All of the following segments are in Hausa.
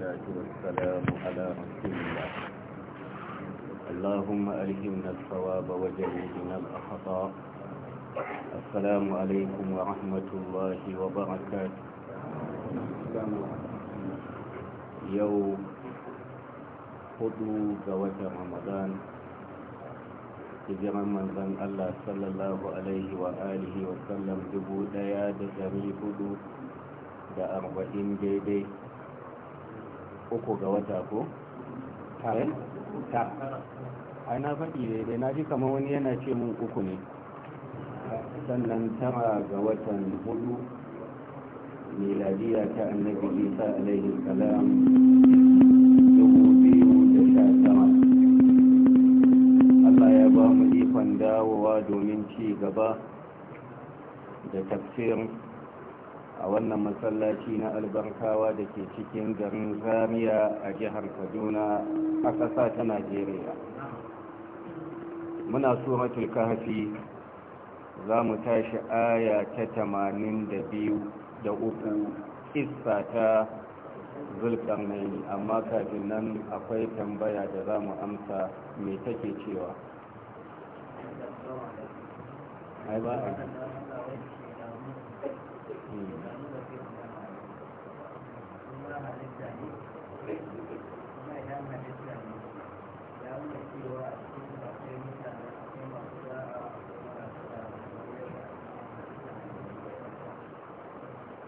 والصلاة والسلام على رسول الله اللهم ألهمنا الصواب وجنبنا الأخطاء السلام عليكم ورحمة الله وبركاته يوم خذوا زوج رمضان hijiran manzan Allah sallallahu Alaihi wa alihi wasallam dubu daya da dari hudu da arba'in daidai uku ga wata ko? tare? Eh? ta A na faɗi daidai na ji kamar wani yana ce mun uku ne sannan tara ga watan hudu miladiya ta annabi isa alaihi salam da sha tara allah ya ba mu ikon dawowa domin ci gaba da tafsirin a wannan masallaci na albarkawa da ke cikin garin zamiya a jihar kaduna a ƙasa ta najeriya muna suratul kahfi za mu tashi aya ta tamanin da biyu da uku kissa ta zulkarnaini amma kafin nan akwai tambaya da za mu amsa mai take cewa ai ba a hmm.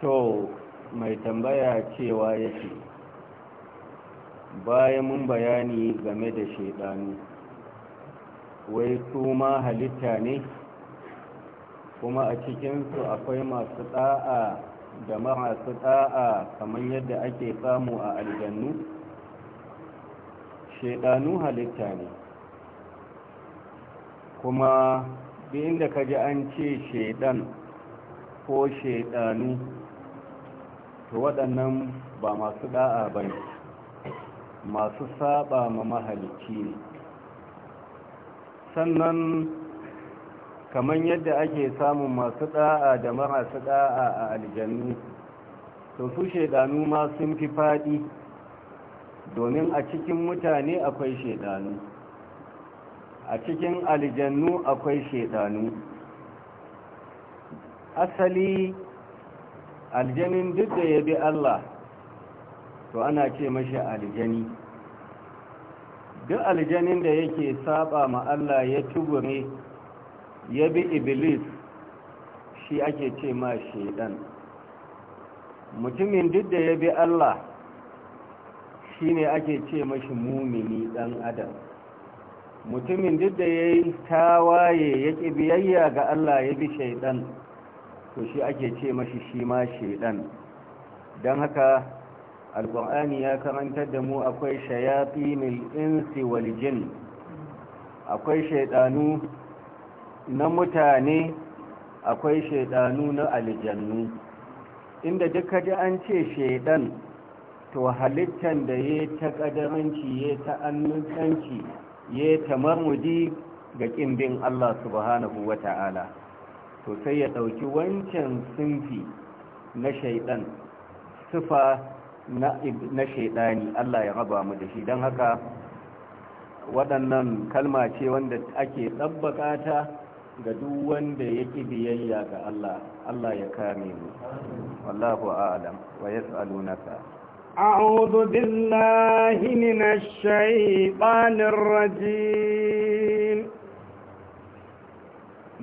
to mai tambaya cewa yake bayan mun bayani game da shaidanu wai su ma halitta ne kuma a cikinsu akwai masu ɗa'a da masu ɗa'a kamar yadda ake samu a aljannu shaidanu halitta ne kuma inda ka ji an ce shaidan ko shaidanu to waɗannan ba masu ɗa'a ba ne masu saba ma mahalicci ne sannan kamar yadda ake samun masu ɗa'a da marasu ɗa'a a aljannu to su shaidanu ma sun fi faɗi domin a cikin mutane akwai shaidanu a cikin aljannu akwai shaidanu asali aljanin duk da ya bi Allah to ana ce mashi aljani duk aljanin da yake saba ma Allah ya tubure ya bi iblis shi ake ce ma shedan mutumin duk da ya bi Allah shi ne ake ce mashi mumini dan adam mutumin duk da ya yi tawaye ya ƙi biyayya ga Allah ya bi shaidan to shi ake ce mashi shi ma shaidan don haka alkur'ani ya karantar da mu akwai shayafi mil insi wal jin akwai shaidanu na mutane akwai shaidanu na aljannu inda duka ji an ce shaidan to halittan da ya ta ƙadaranci ya ta annuncanci ya ta marmudi ga ƙimbin Allah subhanahu wa ta'ala to sai ya ɗauki wancan sinfi na shaidan sifa na shaidani Allah ya raba mu da shi don haka waɗannan kalma ce wanda ake tsabbaka ta ga duk wanda ya ƙi biyayya ga Allah Allah ya kame mu wallahu a'lam wa yas'alunaka a'udhu billahi minash shaitanir rajim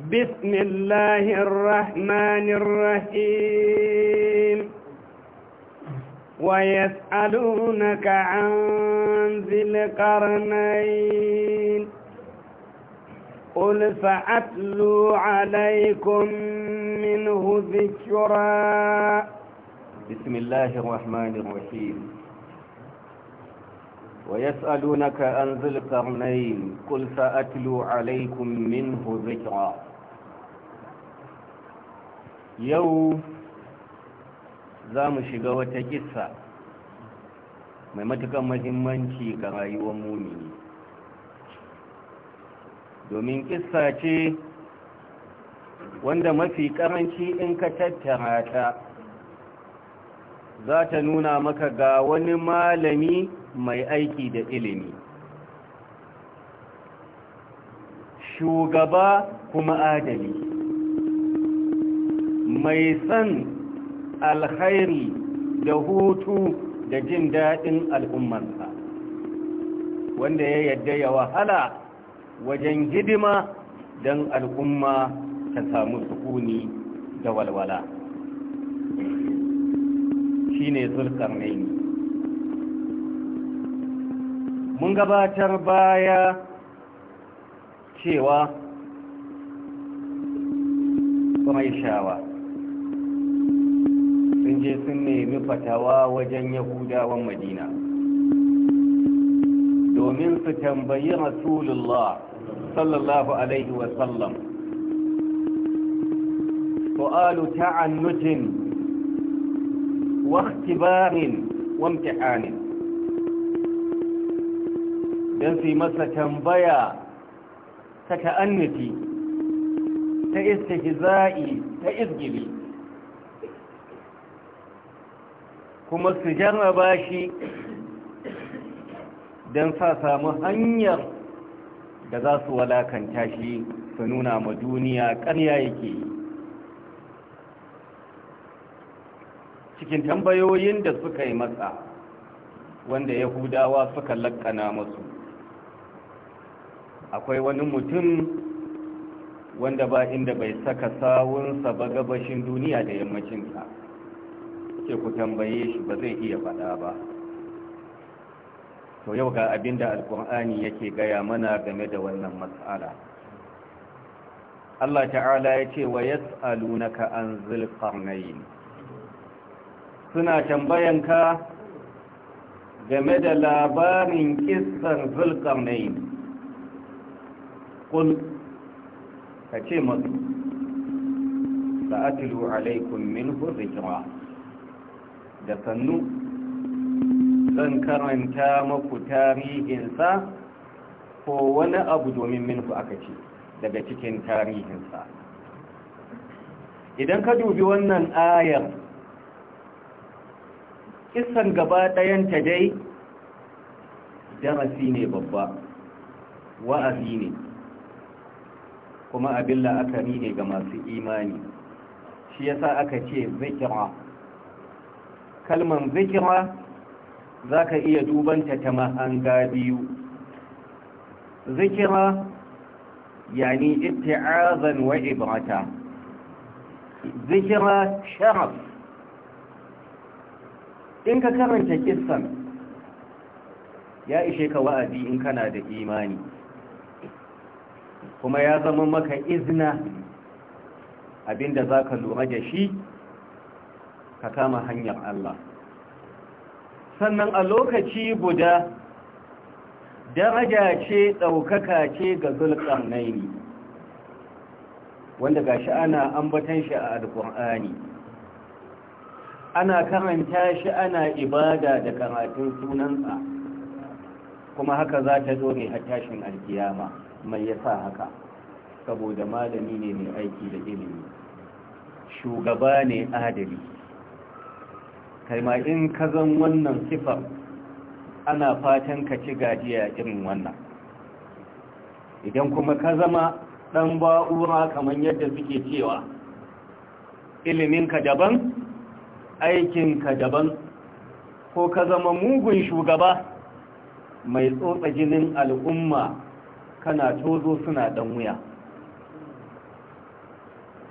بسم الله الرحمن الرحيم ويسألونك عن ذي القرنين قل فأتلو عليكم منه ذكرا بسم الله الرحمن الرحيم ويسألونك عن ذي القرنين قل فأتلو عليكم منه ذكرا yau za mu shiga wata kissa mai matukan mahimmanci ga rayuwar mumini domin kissa ce wanda mafi ƙaranci in ka tattara ta za ta nuna maka ga wani malami mai aiki da ilimi shugaba kuma adali mai san alkhairi da hutu da jin daɗin al'ummansa, wanda ya yadda ya wahala wajen hidima don al'umma ta samu sukuni da walwala shi ne zulkarnaini mun gabatar baya cewa mai shawa sun je sun nemi fatawa wajen yahudawan madina domin su tambayi rasulullah sallallahu alaihi wasallam su'alu ta'annutin waktibarin wamtihanin don su yi masa tambaya ta ta'annuti ta istihza'i ta izgili kuma su jarraba shi don sa samu hanyar da za su walakanta shi su nuna ma duniya ƙarya yake cikin tambayoyin da suka yi matsa wanda yahudawa suka lakana masu akwai wani mutum wanda ba inda bai saka sawunsa ba gabashin duniya da yammacinsa ce ku tambaye shi ba zai iya faɗa ba to yau ga abinda alkur'ani yake gaya mana game da wannan matsala Allah ta'ala ya ce wa yas'alunaka an zulqarnayn suna tambayanka game da labarin kissan zulqarnayn qul kace musu sa'atilu alaikum minhu dhikra da sannu zan karanta maku tarihinsa ko wani abu domin minku aka ce daga cikin tarihinsa idan ka dubi wannan ayar kisan gaba ɗayanta dai darasi ne babba wa'azi ne kuma abin la'akari ne ga masu imani shi yasa aka ce zikira kalman zikira za ka iya dubanta ta mahanga biyu zikira yani itti'azan wa ibrata zikira sharaf in ka karanta kissan ya ishe ka wa'azi in kana da imani kuma ya zama maka izina abinda za ka lura da shi ka kama hanyar Allah sannan a lokaci guda daraja ce ɗaukaka ce ga naini wanda gashi ana ambatan shi a alƙur'ani ana karanta shi ana ibada da karatun sunansa kuma haka za ta zo ne tashin alkiyama mai yasa haka saboda malami ne mai aiki da ilimi shugaba ne adali kai ma in ka zan wannan sifa ana fatan ka ci gajiya irin wannan idan kuma ka zama ɗan ba'ura kamar yadda suke cewa iliminka daban ka daban ko ka zama mugun shugaba mai tsotsa jinin al'umma kana tozo suna ɗan wuya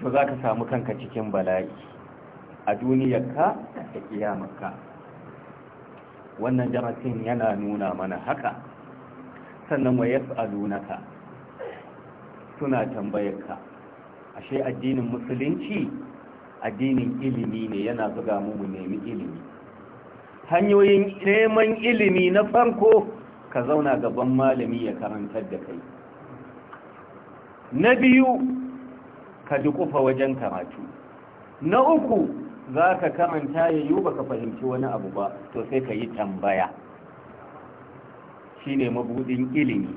to za ka samu kanka cikin bala'i a duniyarka da kiyamarka wannan darasin yana nuna mana haka sannan wa yas'alunaka suna tambayarka ashe addinin musulunci addinin ilimi ne yana zuga mu mu nemi ilimi hanyoyin neman ilimi na farko ka zauna gaban malami ya karantar da kai na biyu ka dukufa wajen karatu na uku za ka karanta ya yi ba ka fahimci wani abu ba to sai ka yi tambaya shi ne mabudin ilimi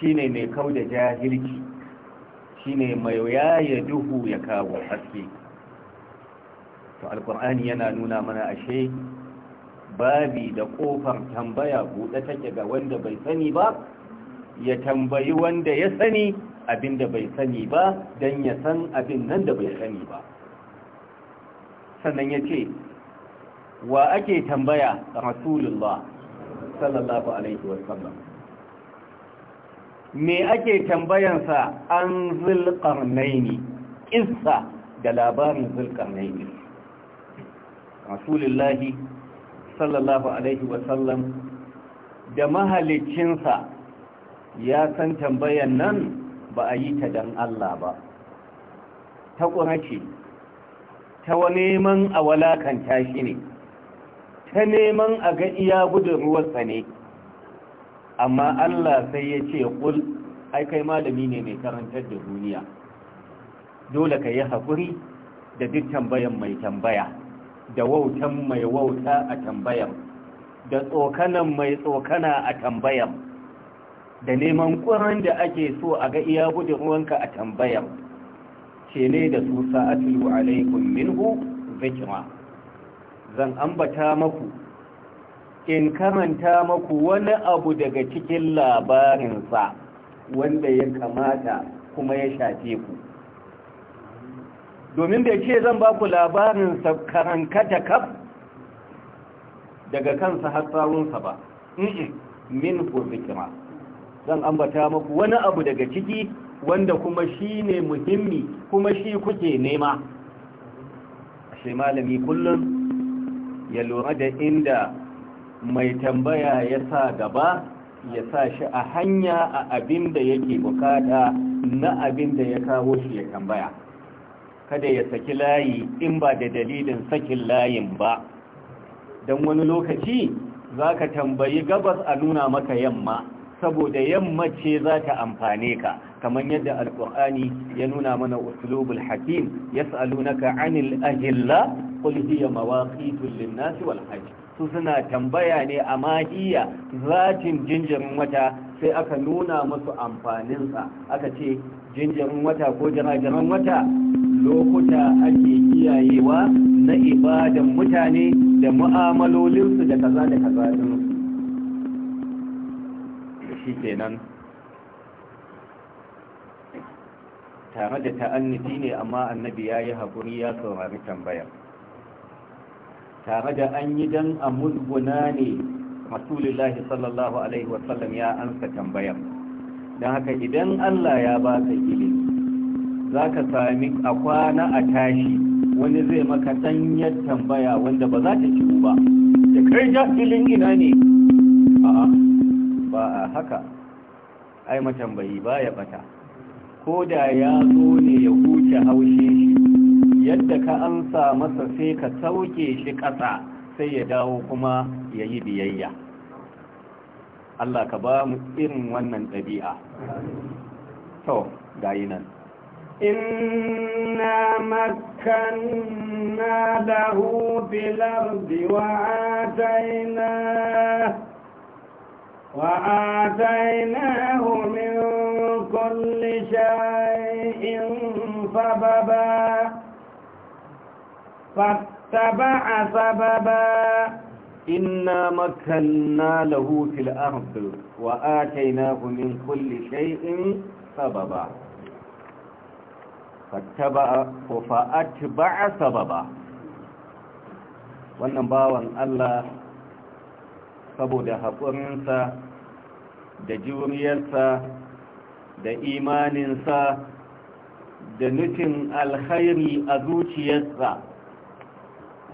shi ne mai kau da jahilci shi ne mai yaya duhu ya kawo haske to alkur'ani yana nuna mana ashe babi da kofar tambaya buɗe take ga wanda bai sani ba ya tambayi wanda ya sani abin da bai sani ba don ya san abin nan da bai sani ba sannan ya ce wa ake tambaya rasulullah sallallahu alaihi wasallam me ake tambayansa an zulƙarnaini ƙissa da labarin zulƙarnaini rasulullah sallallahu alaihi wasallam da mahalicinsa ya san tambayan nan ba a yi ta don Allah ba ta ƙurace ta neman a walakanta shi ne ta neman a ga iya gudun ruwansa ne amma Allah sai ya ce kul ai kai malami ne mai karantar da duniya dole ka yi haƙuri da duk tambayan mai tambaya da wautan mai wauta a tambayan da tsokanan mai tsokana a tambayan da neman ƙuran da ake so a ga iya gudun ruwanka a tambayan ce da su sa'atulu alaikum minhu zikra zan ambata maku in karanta maku wani abu daga cikin labarinsa wanda ya kamata kuma ya shafe ku domin da ce zan ba ku labarinsa karankata kaf daga kansa hatsarunsa ba min ku zikira zan ambata maku wani abu daga ciki wanda kuma shi ne muhimmi kuma shi kuke nema shi malami kullum ya lura da inda mai tambaya ya sa gaba ya sa shi a hanya a abin da yake bukata na abin da ya kawo shi ya tambaya kada ya saki layi in ba da dalilin sakin layin ba don wani lokaci za ka tambayi gabas a nuna maka yamma saboda yamma ce za ta amfane ka kamar yadda alƙur'ani ya nuna mana uslubul hakim yas'alunaka anil ahilla qul hiya mawaqitu lin wal hajj su suna tambaya ne a mahiya zatin jinjirin wata sai aka nuna musu amfaninsa aka ce jinjirin wata ko jirajiran wata lokuta ake kiyayewa na ibadan mutane da mu'amalolinsu da kaza da kaza din shi kenan tare da ta'annufi ne amma annabi ya yi haƙuri ya saurari tambayar tare da an yi dan a musguna ne rasulullahi sallallahu alaihi wasallam ya ansa tambayar don haka idan allah ya ba ka ilimi za ka sami a kwana a tashi wani zai maka ɗanyar tambaya wanda ba za ta ciwu ba da kai filin ina ne a'a ba a haka ai matambayi ba ya bata ko da ya zo ne ya huce haushe shi yadda ka amsa masa sai ka sauke shi ƙasa sai ya dawo kuma ya yi biyayya Allah ka ba mu irin wannan ɗabi'a to gayi nan إنا مكنا له wa كل شيء سببا فاتبع سببا إنا مكنا له في الأرض وآتيناه من كل شيء سببا فاتبع فأتبع سببا wannan bawan Allah saboda haƙurinsa da juriyarsa da imaninsa da nufin alkhairi a zuciyarsa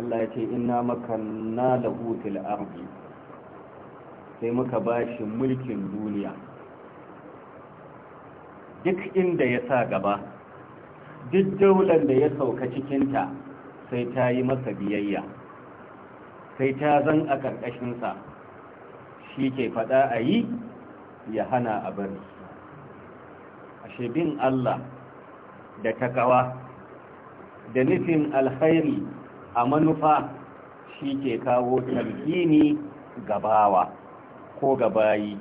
Allah ya ce ina makanna da fil ardi sai muka ba shi mulkin duniya duk inda ya sa gaba duk daular da ya sauka cikinta sai ta yi masa biyayya sai ta zan a ƙarƙashinsa shi ke faɗa a yi ya hana a bari ashe bin Allah da takawa da nufin alkhairi a manufa shi ke kawo ga bawa ko ga bayi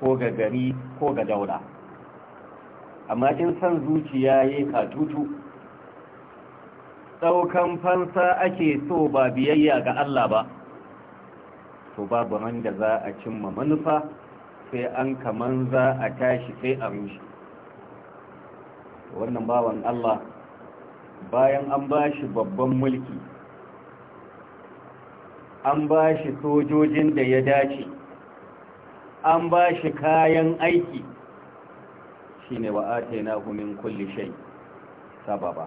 ko ga gari ko ga daura amma in san zuciya ya katutu ɗaukan fansa ake so ba biyayya ga Allah ba to babu wanda za a cimma manufa sai an kaman za a tashi sai a rushe wannan bawan Allah bayan an ba shi babban mulki an ba shi sojojin da ya dace an ba shi kayan aiki shi ne wa ake na kulli shai sababa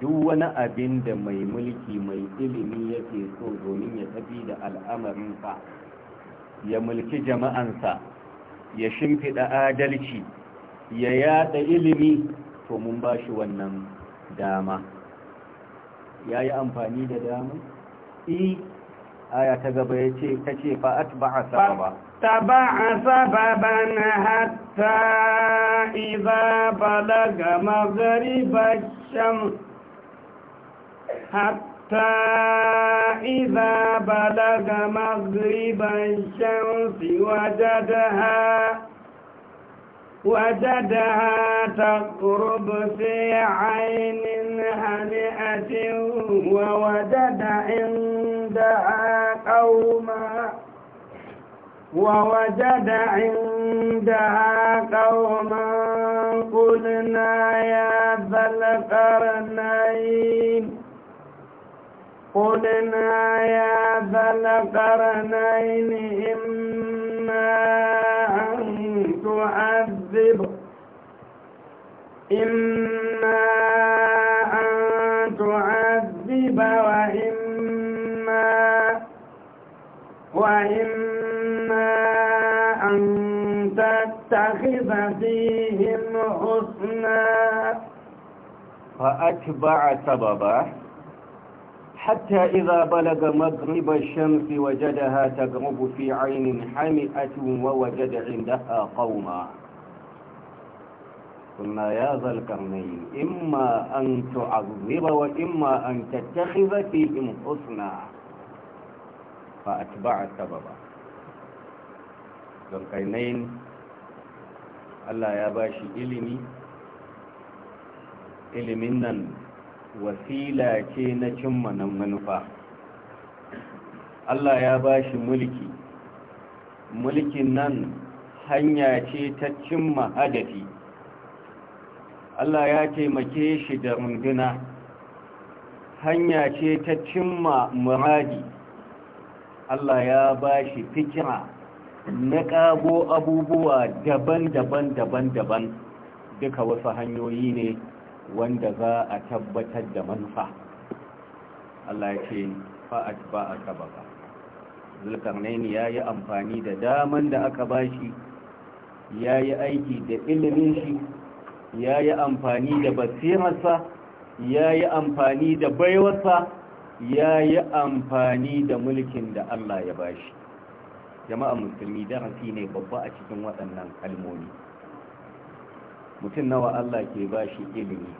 duk wani abin da mai mulki mai ilimi yake so domin ya tafi da al'amarinsa ya mulki jama'ansa ya shimfiɗa adalci ya yada ilimi to mun ba shi wannan dama ya yi amfani da dama i aya ta gaba ya ce ta ce fa'at ba'a sababa taba'a sababan hatta iza balaga magharibar shams حتى إذا بلغ مغرب الشمس وجدها وجدها تقرب في عين هنئة ووجد عندها قوما ووجد عندها قوما قلنا يا ذا القرنين قلنا يا ذا القرنين إما أن تعذب إما أن تعذب وإما وإما أن تتخذ فيهم حسنا فأتبع سببا حتى إذا بلغ مغرب الشمس وجدها تغرب في عين حمئة ووجد عندها قوما قلنا يا ذا القرنين إما أن تعذب وإما أن تتخذ فيهم حسنا فأتبع سببا ذا القرنين الله يا باشي إلمي إلمنا wasila ce na cimma na manufa Allah ya ba shi mulki mulkin nan hanya ce ta cimma mahadafi Allah ya taimake shi da runduna hanya ce ta cimma muradi Allah ya ba shi fikira na ƙago abubuwa daban-daban daban-daban duka wasu hanyoyi ne wanda za a tabbatar da manufa Allah ya ce fa'ad ba a sabaka zulkarnaini ya yi amfani da daman da aka bashi ya yi aiki da ilimin shi ya yi amfani da basirarsa ya yi amfani da baiwarsa ya yi amfani da mulkin da Allah ya bashi jama'a musulmi darasi ne babba a cikin waɗannan kalmomi mutum nawa Allah ke ba shi ilimi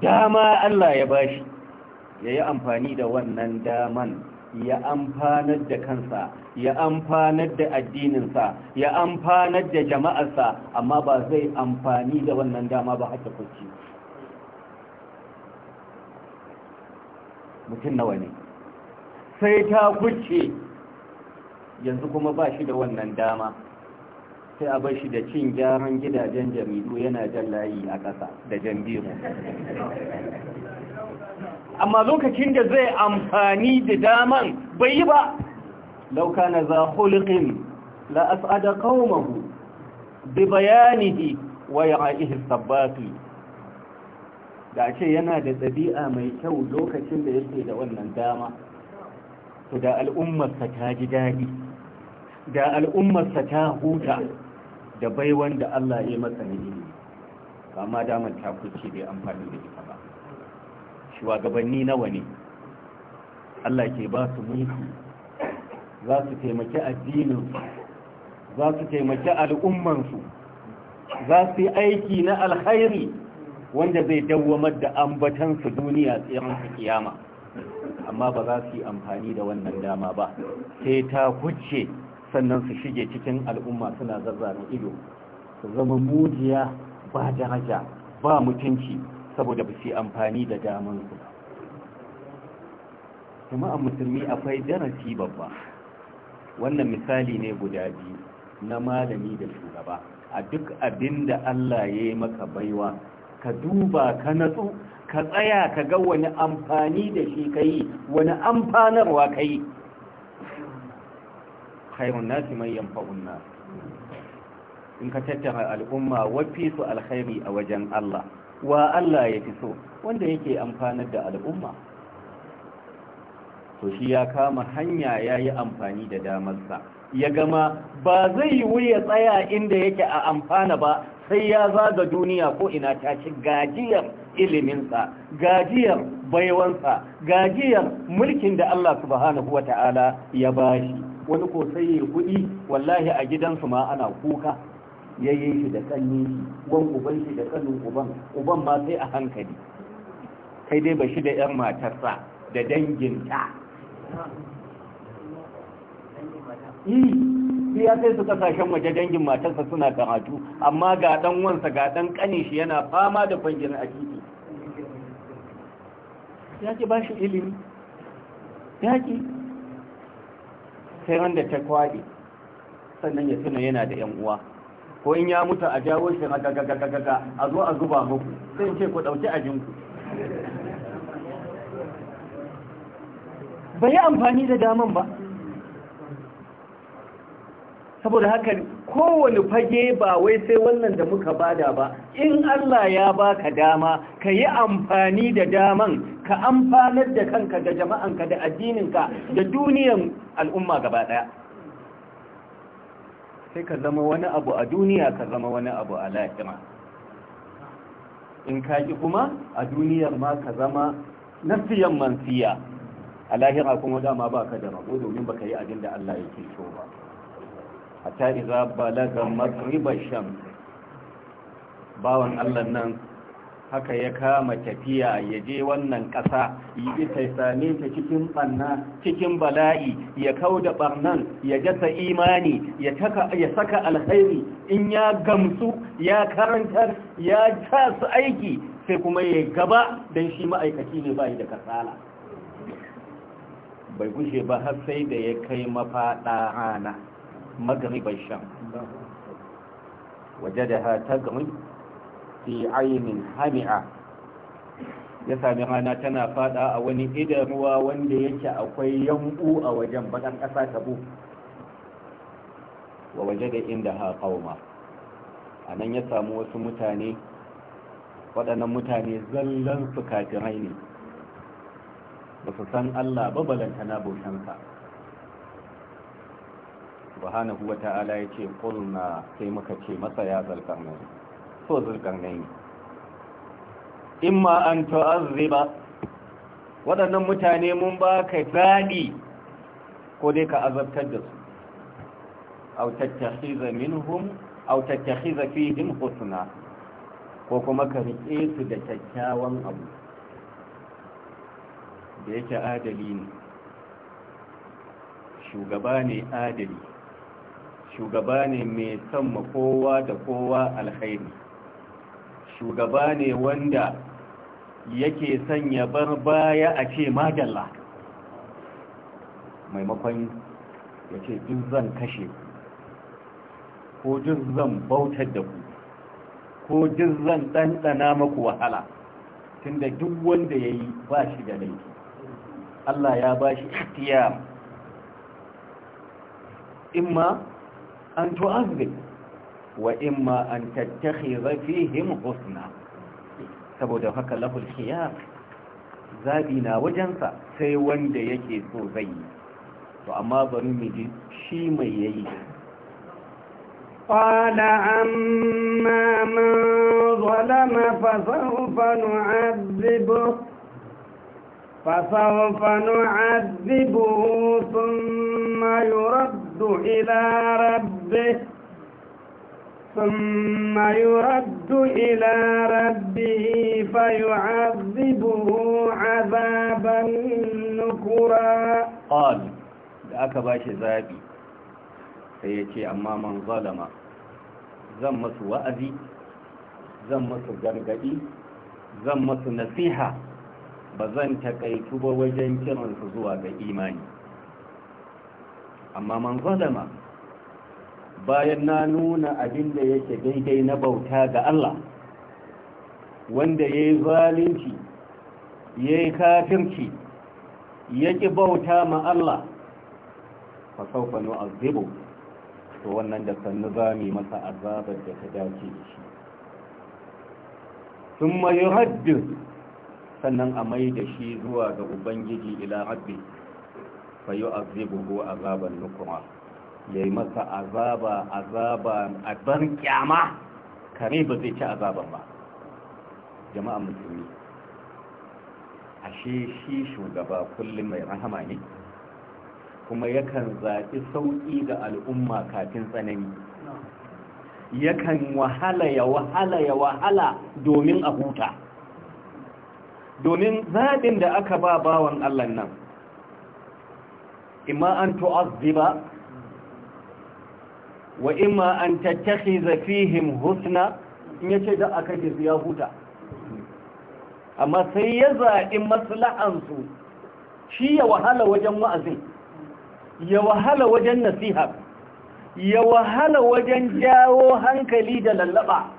dama Allah ya ba shi ya yi amfani da wannan daman ya amfanar da kansa ya amfanar da addininsa ya amfanar da jama'arsa amma ba zai amfani da wannan dama ba haka kuci mutum nawa ne sai ta kuce yanzu kuma ba shi da wannan dama sai a bar shi da cin gyaran gidajen jamilu yana jan layi a ƙasa da jambiru amma lokacin da zai amfani da daman bai yi ba lauka na za da la'asada ƙaunahu bi ne wa ya aihi da ce yana da ɗabi'a mai kyau lokacin da yake da wannan dama da al'ummarsa ta ji daɗi da al'ummarsa ta huta da bai wanda Allah ya masa ilimi ba ma damar takuci bai amfani da ita ba shugabanni nawa ne Allah ke ba su mulki za su taimaki addininsu za su taimaki al'ummansu za su yi aiki na alkhairi wanda zai dawwamar da ambatansu duniya tsirin su kiyama amma ba za su yi amfani da wannan dama ba sai ta kuce sannan su shige cikin al'umma suna zazzabin ido su zama mujiya ba daraja ba mutunci saboda ba su amfani da damansu jama'an musulmi akwai darasi babba wannan misali ne guda biyu na malami da shugaba a duk abin da Allah ya yi maka baiwa ka duba ka natsu ka tsaya ka ga wani amfani da shi ka yi wani amfanarwa ka yi khairun nasi man yanfa'un nas in ka tattara al'umma wafi su alkhairi a wajen Allah wa Allah ya fi so wanda yake amfanar da al'umma to shi ya kama hanya ya yi amfani da damarsa ya gama ba zai yi wuya tsaya inda yake a amfana ba sai ya zaga duniya ko ina ta ci gajiyar iliminsa gajiyar baiwansa gajiyar mulkin da Allah subhanahu wa ta'ala ya bashi wani ko sai ya kuɗi wallahi a gidansu ma ana kuka ya yi shi da kanni wan uban shi da kanin uban uban ma sai a hankali kai dai ba shi da yan matarsa da danginta sai ya sai su kasashen waje dangin matarsa suna karatu amma ga dan wansa ga dan kani shi yana fama da fangin a titi ya ki ba shi ilimi ya ki sai wanda ta kwaɗe sannan ya tuna yana da yan uwa ko in ya mutu a jawo shi magagagagaga a zo a zuba muku sai ce ku ɗauki ajinku bai yi amfani da daman ba saboda haka kowane fage ba wai sai wannan da muka bada ba in Allah ya baka dama ka yi amfani da daman ka amfanar da kanka da jama'anka da addininka da duniyan al'umma gaba daya sai ka zama wani abu a duniya ka zama wani abu a lahira in ka ki kuma a duniyar ma ka zama nasiyan mansiya a lahira kuma dama baka da rabo domin baka yi abin da Allah yake so ba hatta iza balaga magribar sham bawan allah nan haka ya kama tafiya ya je wannan ƙasa yi ita same ta cikin ɓanna cikin bala'i ya kau da ɓarnan ya jasa imani ya saka alkhairi in ya gamsu ya karantar ya ta su aiki sai kuma ya gaba don shi ma'aikaci ne bayi da kasala bai gushe ba har sai da ya kai mafaɗa rana مغرب الشام وجدها تغرب في عين حمعة ya sami rana tana faɗa a wani idan ruwa wanda yake akwai yanku a wajen bakan ƙasa tabo wa waje da inda ha kauma a nan ya samu wasu mutane waɗannan mutane zallan su kafirai ne ba su san allah babalanta na bautansa subhanahu wa ta'ala ya ce ƙulna sai muka ce masa ya zalƙarnai so In ma an ta'azziba waɗannan mutane mun ba ka zaɗi ko dai ka azabtar da su au minhum au fihim husna ko kuma ka riƙe su da kyakkyawan abu da yake adali ne shugaba ne adali shugaba ne mai ma kowa da kowa alkhairi shugaba ne wanda yake son ya bar baya a ce magalla maimakon ya ce duk zan kashe ku ko duk zan bautar da ku ko duk zan ɗanɗana maku wahala tunda duk wanda ya yi ba shi da laifi Allah ya ba shi ikhtiyar imma an tu'azzib wa imma an tattakhidha fihim husna saboda haka lahul khiyar zabi na wajensa sai wanda yake so zai yi to amma bari mu ji shi mai yayi قال أما من ظلم فسوف نعذبه فسوف نعذبه ثم يرد يرد إلى ربه ثم يرد إلى ربه فيعذبه عذابا نكرا قال aka ba shi zaɓi sai ya ce amma man zan masu wa'azi zan masu gargaɗi zan masu nasiha ba zan taƙaitu ba wajen kiransu zuwa ga imani amma man zalama bayan na nuna abin da yake daidai na bauta ga Allah wanda ya yi zalunci ya yi kafirci ya ƙi bauta ma Allah fa saufa azibu to wannan da sannu za mu masa azabar da ta dace da shi thumma haddin sannan a mai da shi zuwa ga ubangiji ila rabbi fayu azibuhu azaban nukuma ya yi masa azaba azaba abar ƙyama. kare ba zai ci azaban ba jama'a musulmi ashe shi shugaba kullum mai rahama ne kuma yakan zaɓi sauƙi ga al'umma kafin tsanani yakan wahala ya wahala ya wahala domin a huta domin zaɓin da aka ba bawan allah nan imma an tu'azziba wa imma an tattakhiza fihim husna in yace da aka ji ya huta amma sai ya zaɓi maslahansu shi ya wahala wajen wa'azin ya wahala wajen nasiha ya wahala wajen jawo hankali da lallaba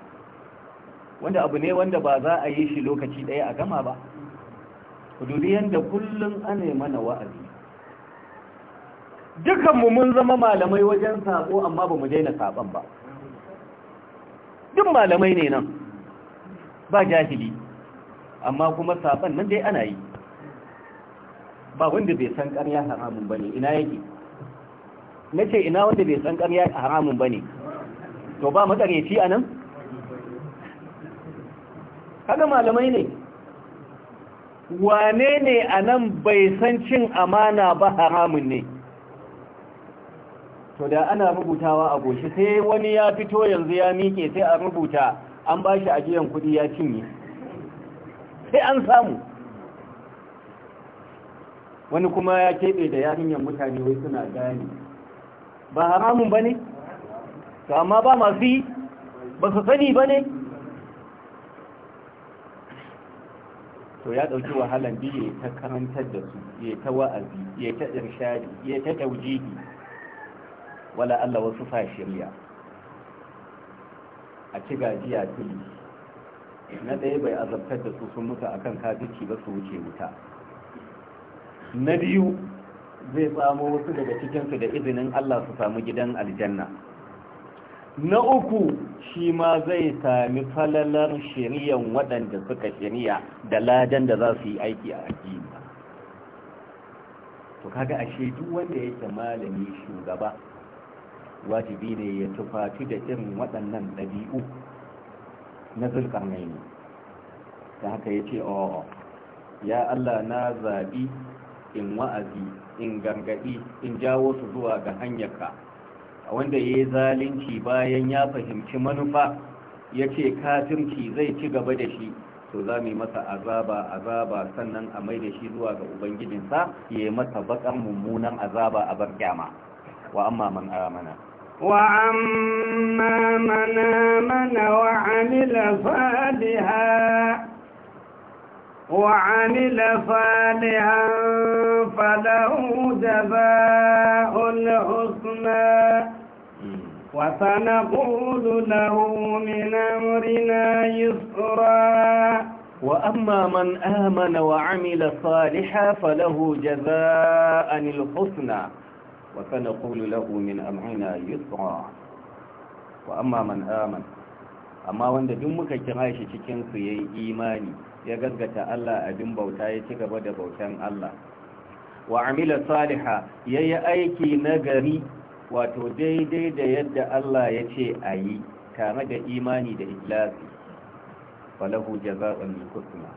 wanda abu ne wanda ba za a yi shi lokaci ɗaya a gama ba duniyan da kullum ana mana wa'azi dukanmu mun zama malamai wajen sako amma ba mu daina saban ba duk malamai ne nan ba jahili amma kuma saban nan dai ana yi ba wanda bai san ƙarya haramun bane ina yake na ce ina wanda bai san ƙarya haramun bane to ba matsareci a nan kaga malamai ne wane ne a nan bai san cin amana ba haramun ne to da ana rubutawa a goshi sai wani ya fito yanzu ya miƙe sai a rubuta an ba shi ajiyan kuɗi ya cinye sai an samu wani kuma ya keɓe da yarinyar mutane wai suna gani ba haramun ba ne? to amma ba masu yi ba su sani ba ne? to ya ɗauki wahalar biye ta karantar da su ya ta wa'azi ya ta irshadi ya ta wala Allah wasu sa shirya a ci gajiya tuli na ɗaya bai azabtar da su sun mutu a akan kafirci ba su wuce wuta na biyu zai samo wasu daga cikinsu da izinin Allah su samu gidan aljanna na uku shi ma zai sami falalar shiriyan waɗanda suka shiriya da ladan da za su yi aiki a addini to kaga ashe duk wanda yake malami shugaba wajibi ne ya tufafi da irin waɗannan ɗabi'u na ne Ta haka ya ce ooo oh, ya Allah na zaɓi in wa'azi in gargaɗi in jawo su zuwa ga hanyarka wanda ya yi zalunci bayan ya fahimci manufa ya ce kafinci zai ci gaba da shi to za mu masa azaba azaba sannan a mai da shi zuwa ga ubangijinsa ya yi masa baƙar mummunan azaba a bar kyama وأما من آمن وأما من آمن وعمل صالحا وعمل صالحا فله جزاء الحسنى وسنقول له من أمرنا يسرا وأما من آمن وعمل صالحا فله جزاء الحسنى وسنقول له من أمرنا يسرا وأما من آمن amma wanda duk muka kira shi cikin su yayi imani ya gaskata Allah abin bauta ya ci gaba da bautan Allah wa amila saliha yayi aiki nagari wato daidai da yadda Allah ya ce ayi tare da imani da ikhlasi falahu jazaa'un husna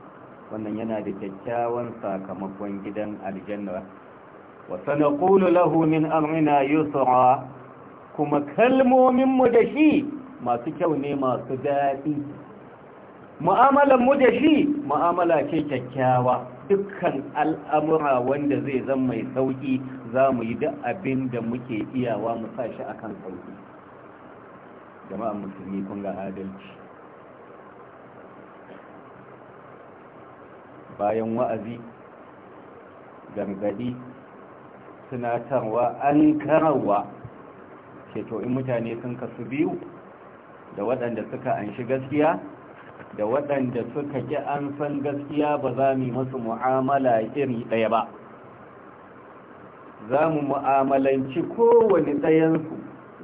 wannan yana da kyakkyawan sakamakon gidan aljanna وسنقول له من أمرنا يسرا كما كلمو من مدشي ما تكوني ما da معاملة mu'amala معاملة kyakkyawa. dukkan al'amura wanda zai zan mai sauƙi za mu yi duk abin da muke iyawa mu sa shi a kan sauƙi jama'a musulmi kun ga adalci bayan wa'azi gargadi tunatarwa an karawa to in mutane sun kasu biyu da waɗanda suka anshi gaskiya da waɗanda suka ƙi an san gaskiya ba za mu masu mu'amala iri ɗaya ba za mu mu'amalanci kowane ɗayansu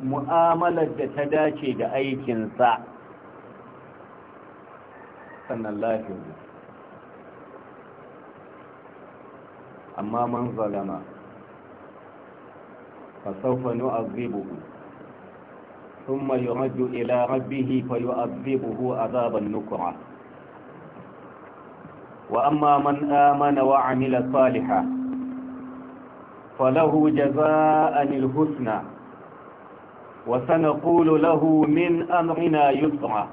mu'amalar da ta dace da aikinsa sannan lafiya amma man zalama fasaufa ni azibuhu sun mayu raju ila rabihi fayu azibuhu azaban nukura wa amma man amana wa amila saliha falahu jaza'an husna. wa sanakulu lahu min amrina yusra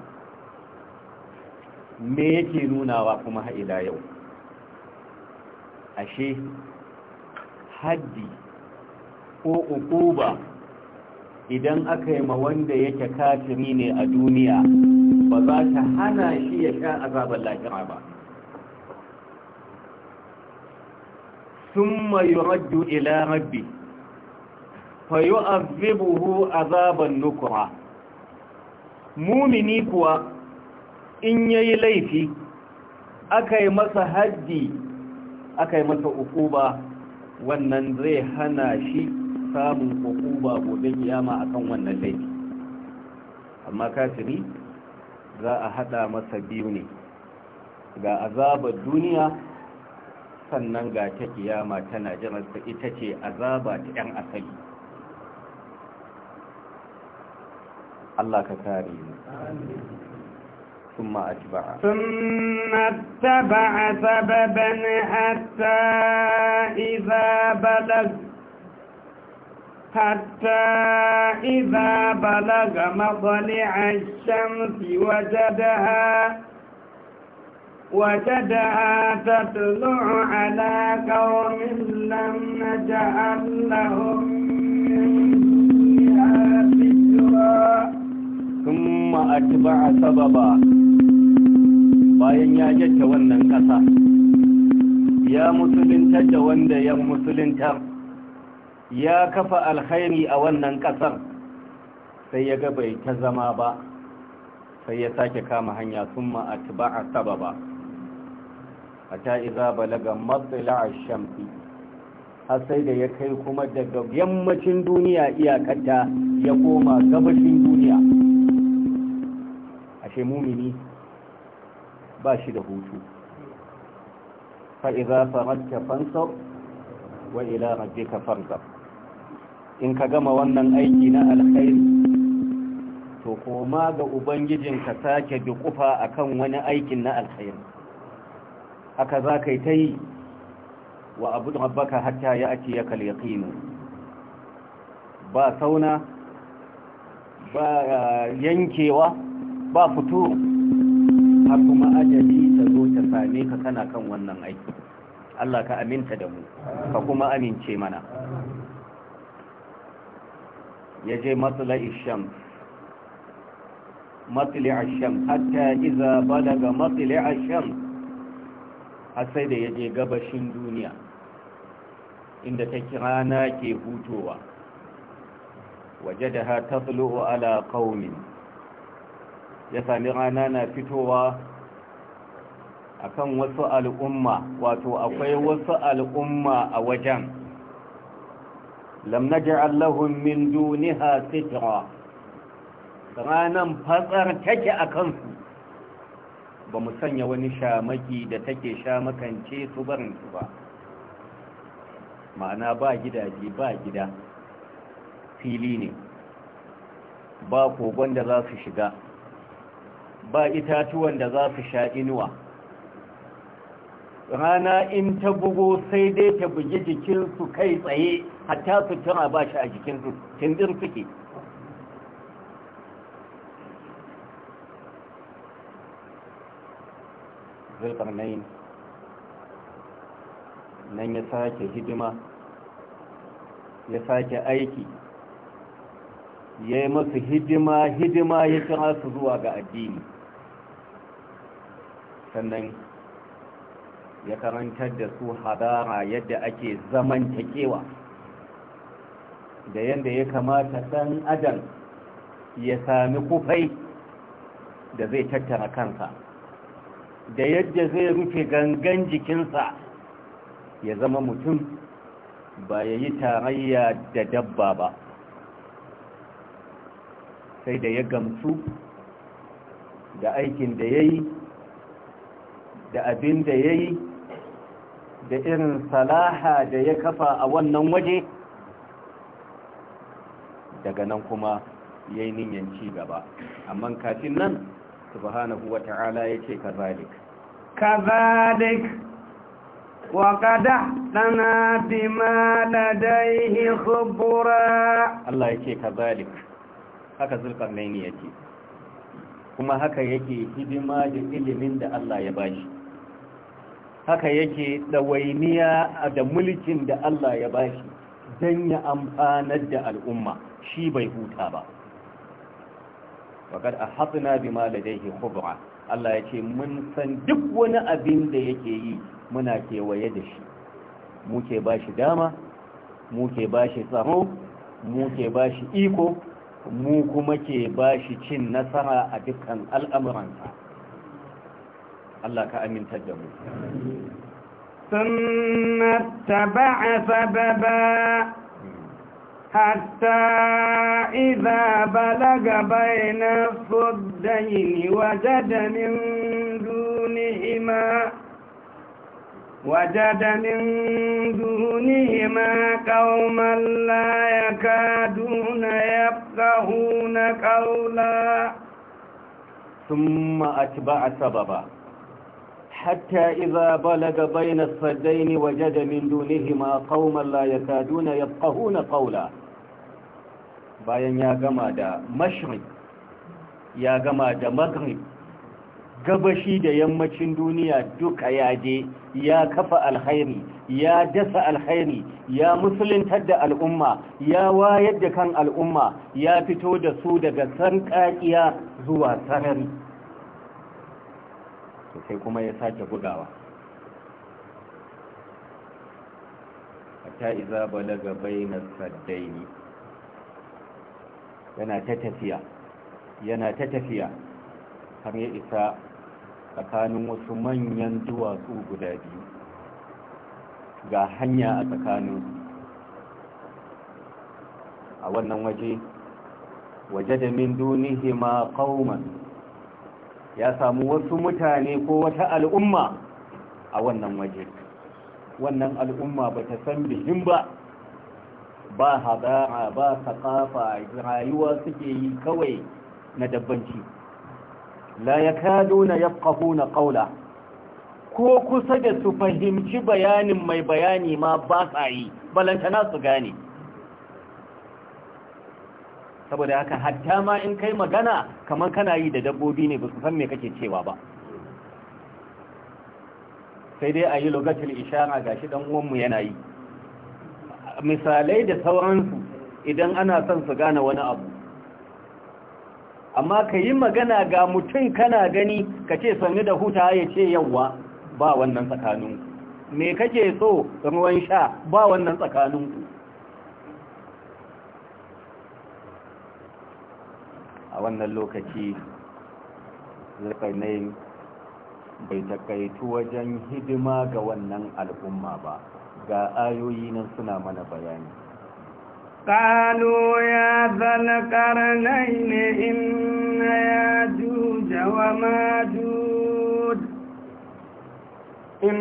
me yake nunawa kuma ila yau ashe haddi ko ukuba idan aka yi ma wanda yake kafiri ne a duniya ba za ta hana shi ya sha azabar lahira ba ثم ila إلى ربه فيؤذبه azaban نكرا mumini kuwa in yayi laifi aka yi masa haddi aka yi masa ukuba wannan zai hana shi samun hukuma gobe kiyama akan wannan laifi amma kafiri za a hada masa biyu ne ga azabar duniya sannan ga ta kiyama tana jiransa ita ce azaba ta 'yan asali Allah ka kare ne ثم أتبع ثم اتبع سببا حتى إذا بلغ حتى إذا بلغ مطلع الشمس وجدها وجدها تطلع على قوم لم نجعل لهم من ذكرا ثم أتبع سببا bayan ya jatta wannan ƙasa ya musulunta da wanda ya musulunta ya kafa alkhairi a wannan ƙasar sai ya ga bai ta zama ba sai ya sake kama hanya sun ma'atuba a ba a ta'iza balaga matsala a shamfi har sai da ya kai kuma daga yammacin duniya iyakata ya koma gabashin duniya ashe mumini ba shi da hutu fa'iza faratta fansar wa ila rabbika fansar in ka gama wannan aiki na alkhairi to koma ga ubangijin ka sake bi kufa akan wani aikin na alkhairi haka za ka yi wa abu baka hatta ya ake ya kalyakinu ba sauna ba ah, yankewa ba fito har kuma ajali ta zo ta same ka kana kan wannan aiki Allah ka aminta da mu ka kuma amince mana ya je matsala isham matsala asham hatta iza balaga matsala asham har sai da ya je gabashin duniya inda ta kirana ke hutowa waje da ha ta ala ƙaunin ya sami rana na fitowa akan wasu al'umma wato akwai wasu al'umma a wajen lam naj'al lahum min duniha sitra ranan fatsar take akan su ba mu sanya wani shamaki da take shamakance su barin su ba ma'ana ba gidaje ba gida fili ne ba kogon da za su shiga ba itatuwan da za su sha inuwa rana in ta bugo sai dai ta bugi jikinsu kai tsaye hatta sutura ba shi a jikin su tindir suke nan ya sake hidima ya sake aiki ya yi masu hidima hidima ya kira su zuwa ga addini sannan ya karantar da su hadara yadda ake zamantakewa da yadda ya kamata ɗan adam ya sami kufai da zai tattara kansa da yadda zai rufe gangan jikinsa ya zama mutum ba ya yi tarayya da dabba ba sai da ya gamsu da aikin da ya yi da abin da ya yi da irin salaha da ya kafa a wannan waje daga nan kuma ya yi niyan ci gaba amma kafin nan subhanahu wa ta'ala ya ce kazalik kazalik wa kada dana da ladaihi khubura Allah ya ce kazalik haka ya ce. kuma haka yake hidima da ilimin da Allah ya bashi haka yake ɗawainiya da mulkin da Allah ya bashi don ya amfanar da al'umma shi bai huta ba wakar a hatsina bi Kubra Allah ya ce mun san duk wani abin da yake yi muna kewaye da shi muke ba shi dama muke ba shi tsaro muke ba shi iko mu kuma ke ba shi cin nasara a dukkan al'amuransa Allah ka aminta da mu ثم اتبع سببا حتى إذا بلغ بين الصدين وجد من دونهما وجد من دونهما قوما لا يكادون يفقهون قولا ثم أتبع سببا حتى إذا بلغ بين الصدين وجد من دونهما قوما لا يكادون يفقهون قولا bayan ya gama da mashrik ya gama da maghrib gabashi da yammacin duniya duka a je ya kafa alhairi ya dasa alhairi ya musuluntar da al'umma ya wayar da kan al'umma ya fito da su daga sarƙaƙiya zuwa sarari sai kuma ya sake bugawa hatta iza balaga bainas saddaini yana ta tafiya yana ta tafiya har ya isa tsakanin wasu manyan duwatsu guda biyu ga hanya a tsakanin a wannan waje waje da min dunihi ma qauman ya samu wasu mutane ko wata al'umma a wannan waje wannan al'umma ba ta san bihin ba ba hazara, ba saƙafa rayuwa suke yi kawai na dabbanci la ya kado na yafkahu na ƙaula ko kusa da su fahimci bayanin mai bayani ma ba sa yi balantana su gane saboda haka hatta ma in kai magana kamar kana yi da dabbobi ne ba su san me kake cewa ba sai dai a yi lokacin ishara ga shi uwanmu yana yi misalai da sauransu idan ana son su gane wani abu amma ka yi magana ga mutum kana gani ka ce sannu da huta ya ce yawwa ba wannan tsakaninku me kake so ruwan sha ba wannan tsakaninku a wannan lokaci ne bai takaitu wajen hidima ga wannan al'umma ba ga ayoyi nan suna mana bayani قالوا يا ذا القرنين إن ياجوج وماجوج إن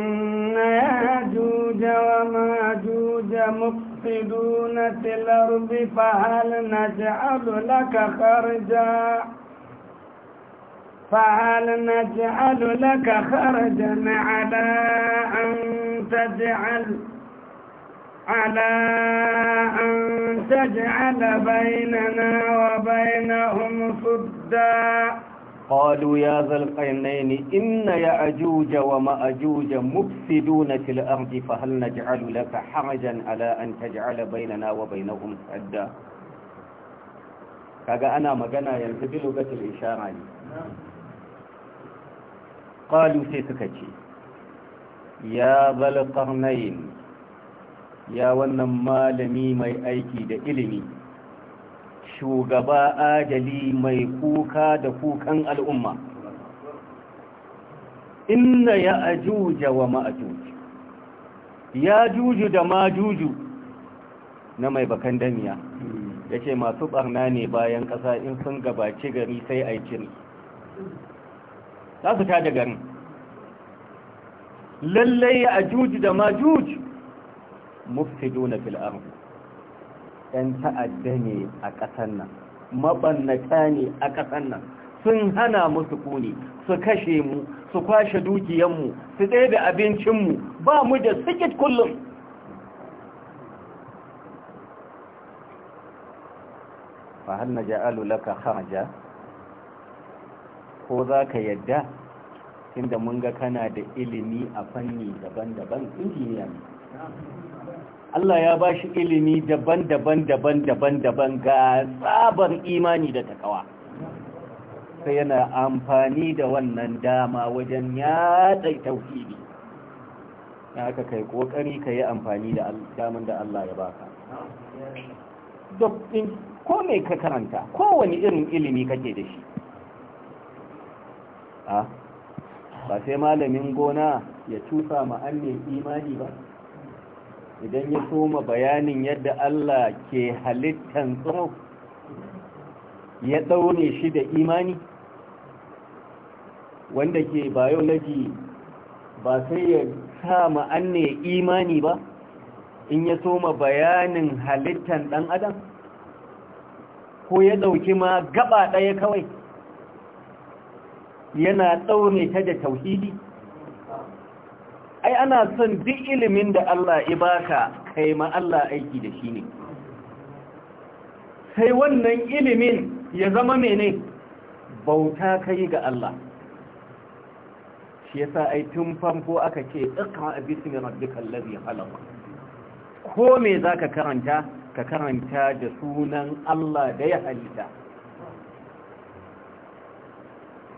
ياجوج وماجوج مفتر يفسدون في الأرض فهل نجعل لك خرجا فهل نجعل لك خرجا على أن تجعل على أن تجعل بيننا وبينهم صدًّا قالوا يا ذا القرنين إن يأجوج ومأجوج مفسدون في الأرض فهل نجعل لك حرجا على أن تجعل بيننا وبينهم سدا kaga ana magana yanzu bi lokacin ishara ne qalu sai suka ce ya bal qarnayn ya wannan malami mai aiki da ilimi shugaba adali mai kuka da kukan al'umma inna ya ajuja wa ma'ajuji ya juju da ma Juju na mai bakan damiya ya ce masu barna ne bayan ƙasa in sun gabaci gari sai a yi za su ta da garin lallai ya ajuji da ma juju mufsidu na fil'arku 'yan ta'adda ne a ƙasar nan maɓannata ne a ƙasar nan sun hana musu kuni su kashe mu su kwashe dukiyanmu su tsaye da mu, ba mu da sikit kullum fa na ja'alu laka haja ko za ka yadda tunda mun ga kana da ilimi a fanni daban-daban injiniya ne Allah ya ba shi ilimi daban-daban daban-daban daban ga tsabar imani da takawa sai yana amfani da wannan dama wajen ya tsaye tauhidi ya aka kai kokari ka yi amfani da damun da Allah ya baka ko mai ka karanta kowane irin ilimi kake da shi ah, ba sai malamin gona ya tusa ma'an imani ba idan ya soma bayanin yadda Allah ke halittan tsoro ya tsaune shi da imani wanda ke biology ba sai ya sa ma'anne imani ba in ya soma bayanin halittan ɗan adam ko ya ɗauki ma gaba ɗaya kawai yana tsaune ta da tauhidi ai ana son duk ilimin da Allah ya baka kai ma Allah aiki da shi ne sai wannan ilimin ya zama mene bauta kai ga Allah shi yasa ai tun farko aka ce iqra bismi rabbikal ladhi khalaq ko me zaka karanta ka karanta da sunan Allah da ya halitta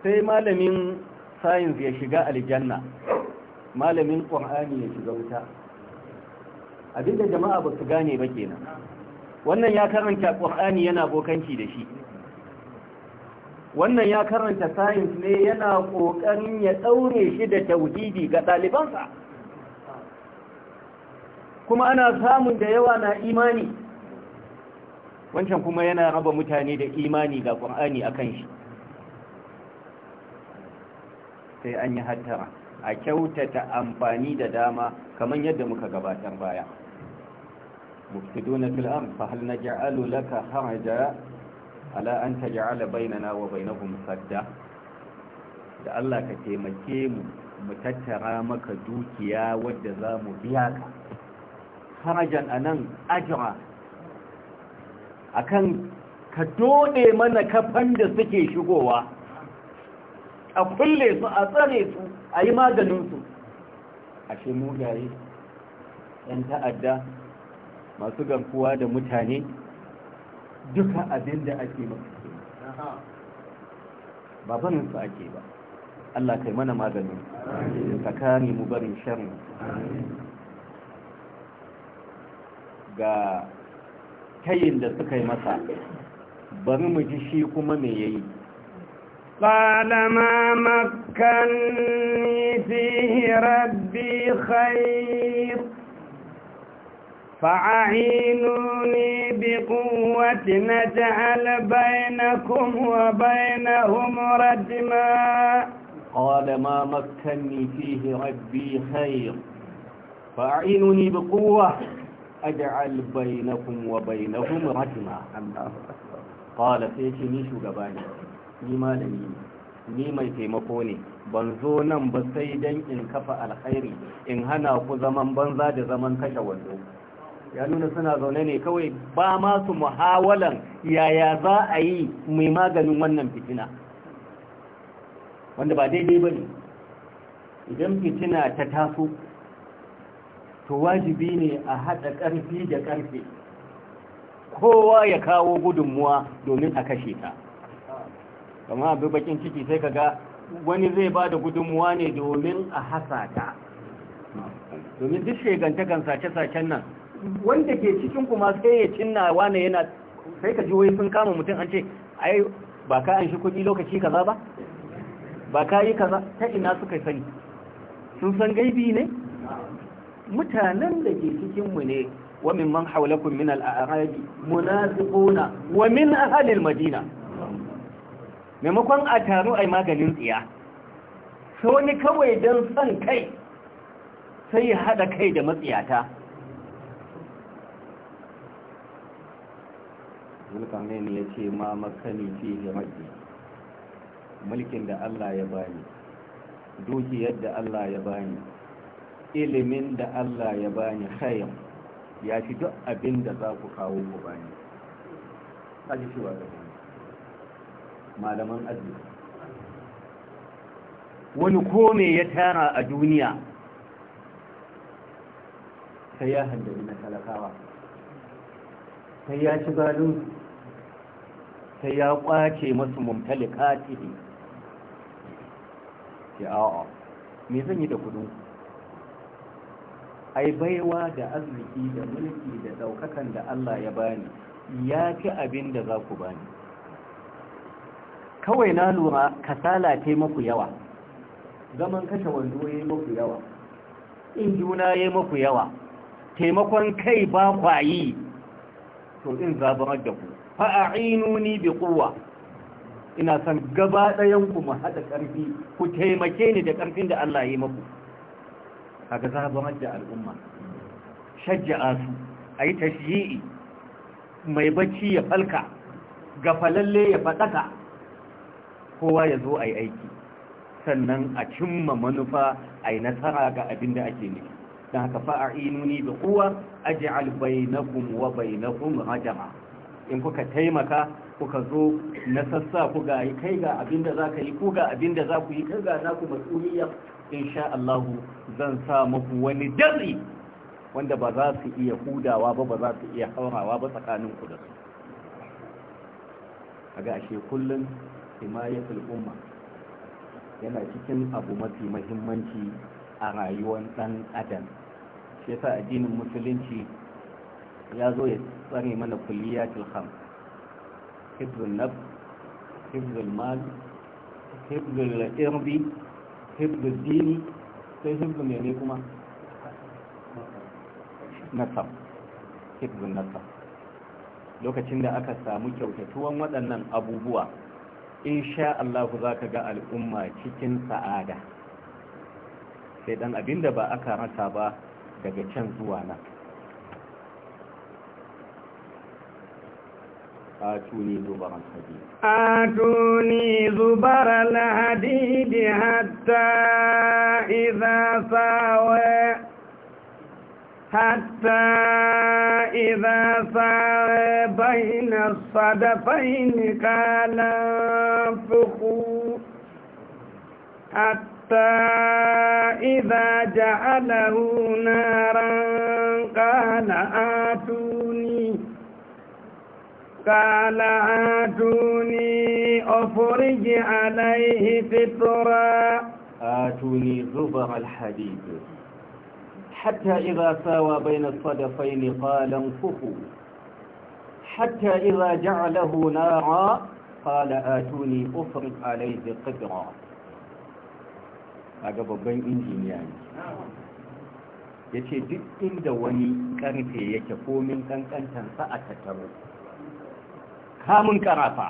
sai malamin science ya shiga aljanna malamin ƙur'ani ya shiga wuta abinda jama'a ba su gane ba kenan wannan ya karanta ƙur'ani yana bokanci da shi wannan ya karanta sayins ne yana ƙoƙarin ya ɗaure shi da tauhidi ga ɗalibansa kuma ana samun da yawa na imani wancan kuma yana raba mutane da imani ga ƙur'ani a kan shi sai an yi hattara a kyautata amfani da dama kamar yadda muka gabatar baya mufsiduna fil amr fa hal naj'alu laka haraja ala an taj'ala bainana wa bainahum sadda da Allah ka taimake mu mu tattara maka dukiya wadda za mu biya ka harajan anan ajra akan ka dode mana kafan da suke shigowa a kulle su a tsare su a yi maganinsu a mu mugaye 'yan ta'adda masu gankuwa da mutane duka abin da ake masu ba barinsu ake ba Allah kai mana maganin ka kare mu barin sharri ga tayin da suka yi masa bari mu ji shi kuma me yayi قال ما مكني فيه ربي خير فعينوني بقوة نجعل بينكم وبينهم ردما قال ما مكني فيه ربي خير فعينوني بقوة أجعل بينكم وبينهم رجما قال سيتني شو قباني ni malami ni mai taimako ne ban zo nan ba sai dan in kafa alkhairi in hana ku zaman banza da zaman kashe wando ya nuna suna zaune ne kawai ba ma su muhawalan yaya za a yi mai maganin wannan fitina wanda ba daidai ba ne idan fitina ta taso to wajibi ne a haɗa ƙarfi da ƙarfe kowa ya kawo gudunmuwa domin a kashe ta kama abin bakin ciki sai ka ga wani zai ba da gudunmuwa ne domin a hasata domin duk shegantakan sace-sacen nan wanda ke cikin kuma sai ya cinna wane yana sai ka jiwoyi sun kama mutum an ce ai ba ka an shi kudi lokaci kaza ba ba ka yi kaza ta ina suka sani sun san gaibi ne mutanen da ke cikinmu ne wa min man haulakun min al'arabi munafiquna wa min al madina maimakon a taru a maganin tsiya sai wani kawai don son kai sai ya haɗa kai da matsiyata ne ya ce ma makani fi jama'i mulkin da Allah ya bani dukiyar da Allah ya bani ilimin da Allah ya bani hayan ya fi duk abin da za ku kawo ku bani a shi wa malaman aji wani kome ya tara a duniya sai ya handari na talakawa sai ya ci zalunsu sai ya kwace masu mumtali tihi ya a'a me zan yi da kudin ai baiwa da arziki da mulki da daukakan da Allah ya bani ya fi abin da za ku bani kawai na lura kasala ta maku yawa zaman kashe wando ya maku yawa in juna ya maku yawa taimakon kai ba kwayi to in zabarar da ku fa'a'inu ni bi kowa ina san gaba ɗayan ku mu haɗa ƙarfi ku taimake ni da ƙarfin da Allah ya maku kaga zabarar da al'umma shajja'a su a yi tashiyi mai bacci ya falka ga falalle ya faɗaka kowa ya zo a yi aiki sannan a cimma manufa a yi nasara ga abin da ake nufi don haka fa'a'inuni da kowa aj'al bainakum wa bainakum hajama in kuka taimaka kuka zo na sassa ku ga kai ga abin da za ka yi ku ga abin da za ku yi kai ga naku in insha Allah zan sa muku wani dari wanda ba za su iya hudawa ba ba za su iya haurawa ba tsakanin ku da su ga ashe kullun himayatul umma yana cikin abu mafi mahimmanci a rayuwar ɗan adam shi yasa addinin musulunci ya zo ya tsare mana kulliyatul kham hibzul nafs hibzul mal hibzul irbi hibzul dini sai hibzul ne kuma nasab hibzul nasab lokacin da aka samu kyautatuwan waɗannan abubuwa In sha Allah za ka ga al'umma cikin sa'ada sai dan abinda ba aka rasa ba daga can zuwa nan آتوني زبر الحديد آتوني زبر الحديد حتى إذا ساوي حتى إذا صار بين الصدفين قال انفخوا حتى إذا جعله نارا قال آتوني قال آتوني أفرج عليه فطرا آتوني زبر الحديد حتى إذا ساوى بين الصدفين قال انفخوا حتى إذا جعله نارا قال آتوني أفرق عليه قدرا kaga babban injiniya ne ya ce duk inda wani karfe yake komin kankantansa a tattaro kamun karafa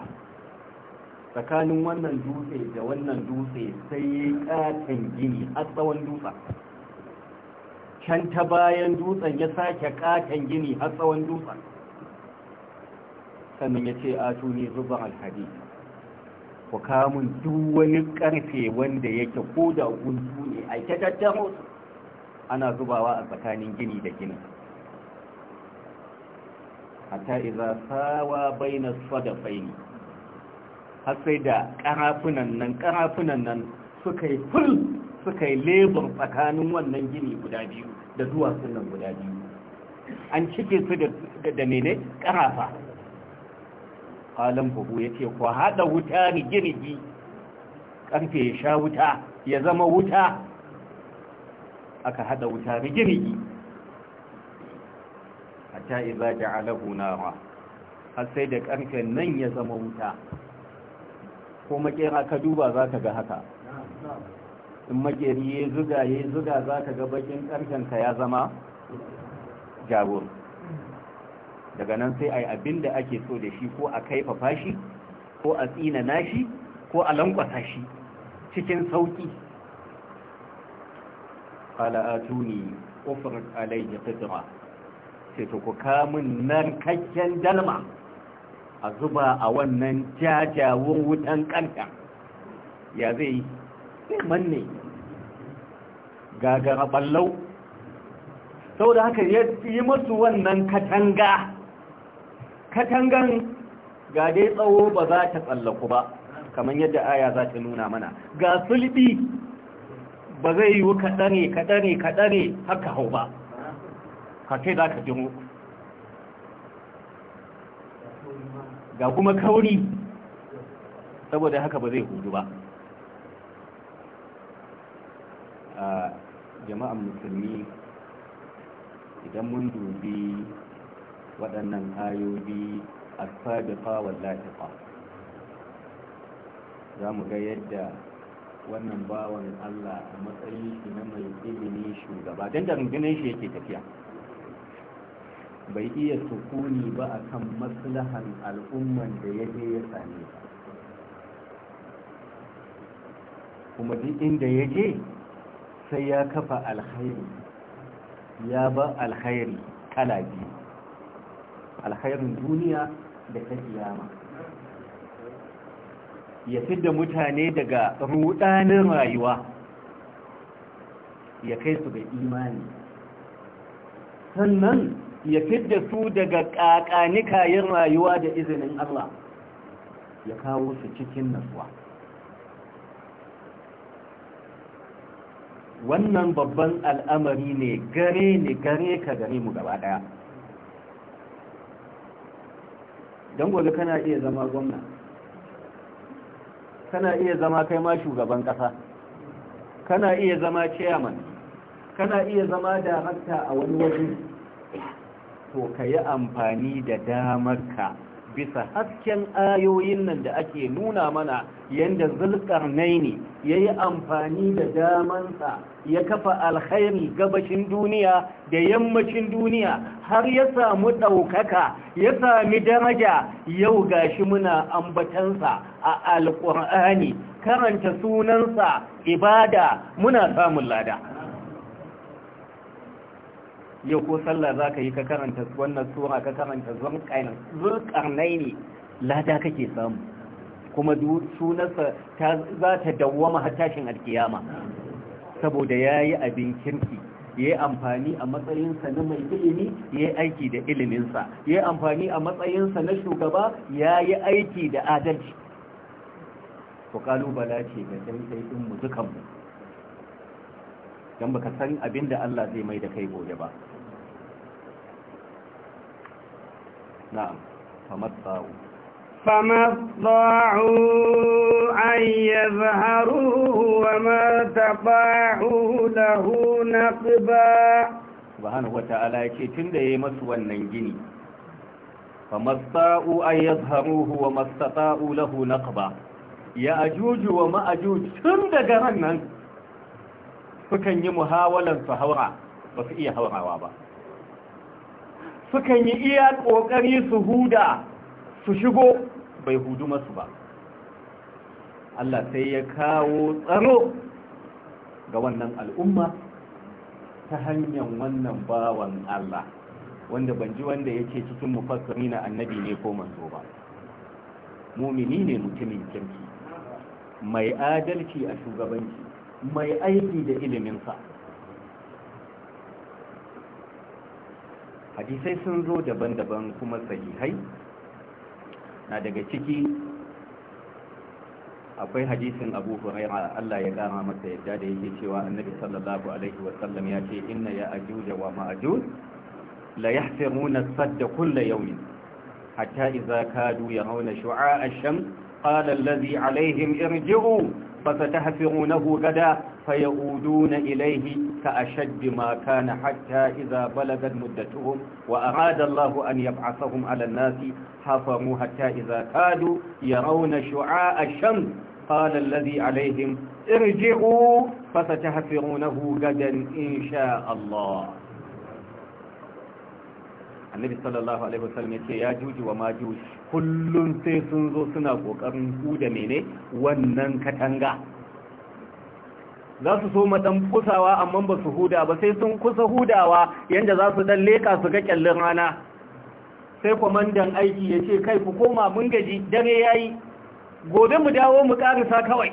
tsakanin wannan dutse da wannan dutse sai ya katon gini a tsawon dutsen can ta bayan dutsen ya sake katon gini har tsawon dutsen sannan ya ce a tuni zuba alhadi ku kamun duk wani karfe wanda yake ko da guntu ne a ta tattamo ana zubawa a tsakanin gini da gini hatta iza sawa baina sadafaini har sai da karafunan nan karafunan nan suka yi ful suka yi lebur tsakanin wannan gini guda biyu da duwatsun nan guda biyu an cike su da mene karafa halin buhu ya ce ku haɗa wuta ni girgi ƙarfe ya sha wuta ya zama wuta aka haɗa wuta ni girgi a ta'iza ja'alahu nara har sai da ƙarfe nan ya zama wuta ko makera ka duba za ka ga haka in makeri ya zuga ya zuga za ka ga bakin ka ya zama jagor daga nan sai a yi abin da ake so da shi ko a kaifafa shi ko a tsina shi ko a lankwasa shi cikin sauki ala'atuni ofirar alayya fitra sai to ku kamun nan kakken dalma a zuba a wannan jajawun wutan kankan ya zai yi manne gagara ballau saboda haka ya yi masu wannan katanga katangan ga dai tsawo ba za ta tsallaku ba kamar yadda aya za ta nuna mana ga sulbi ba zai yi kaɗare kaɗare kaɗare haka hau ba ka kai za ka jimo ga kuma kauri saboda haka ba zai hudu ba a jama'an musulmi idan mun dubi waɗannan ayoyi a sabiqa wallahiqa za mu ga yadda wannan bawan Allah a matsayin shi na mai ilimi shugaba don da shi yake tafiya bai iya sukuni ba a kan maslahan al'umman da ya je ya same kuma duk inda ya je sai ya kafa alkhairi ya ba alkhairi kala biyu alkhairin duniya da ta kiyama ya fidda mutane daga rudanin rayuwa ya kai su ga imani sannan ya fidda su daga kakanikayen rayuwa da izinin Allah ya kawo su cikin nasuwa wannan babban al'amari ne gare ne gare ka gare mu gaba daya don gobe kana iya zama gwamna kana iya zama kai ma shugaban kasa kana iya zama chairman kana iya zama darakta a wani waje to ka yi amfani da damar ka. bisa hasken ayoyin nan da ake nuna mana yadda naini ya yi amfani da damansa ya kafa alkhairi gabashin duniya da yammacin duniya har ya samu ɗaukaka ya sami daraja yau ga shi muna ambatansa a alƙur'ani karanta sunansa ibada muna samun lada yau ko sallah za ka yi ka karanta wannan sura ka karanta zurkarnai ne lada kake samu kuma sunarsa za ta dawwama har alkiyama saboda ya yi abin kirki ya yi amfani a matsayinsa na mai ilimi ya yi aiki da iliminsa ya yi amfani a matsayinsa na shugaba ya yi aiki da adalci ku kalubala ce da ɗaiɗaiɗinmu dukanmu don baka san abin da Allah zai mai da kai gobe ba na'am famatta'u famatta'u wa ma lahu naqba subhanahu wata'ala yace tunda yayi masu wannan gini famasta'u an wa mastata'u lahu naqba ya ajuju wa ma'ajuj tun daga ran nan sukan yi muhawarar su haura ba su iya haurawa ba sukan yi iya ƙoƙari su huda su shigo bai hudu masu ba Allah sai ya kawo tsaro ga wannan al'umma ta hanyar wannan bawan Allah wanda ban ji wanda yake cikin mufassiri na annabi ne ko manzo ba mumini ne mutumin kirki mai adalci a shugabanci mai aiki da iliminsa hadisai sun zo daban-daban kuma sahihai na daga ciki akwai hadisin abu huraira Allah ya kara masa yadda da yake cewa annabi sallallahu alaihi wasallam ya ce inna ya ajuja wa ma'ajuj la yahfiruna as-sadda kull yawm hatta idza kadu yarawna shu'a'a ash-shams qala alladhi alaihim irji'u fasatahfirunahu gada fayuduna ilayhi كأشد ما كان حتى إذا بلغت مدتهم وأراد الله أن يبعثهم على الناس حفروا حتى إذا كادوا يرون شعاع الشمس قال الذي عليهم ارجعوا فستحفرونه غدا إن شاء الله annabi sallallahu alaihi wasallam yace ya juji wa ma juji kullun sai sun zo suna kokarin huda mene wannan katanga za su so matan kusawa amma ba su huda ba sai sun kusa hudawa yadda za su dan leka su ga kyallin rana sai kwamandan aiki ya ce kai ku koma mun gaji dare ya yi gobe mu dawo mu karisa kawai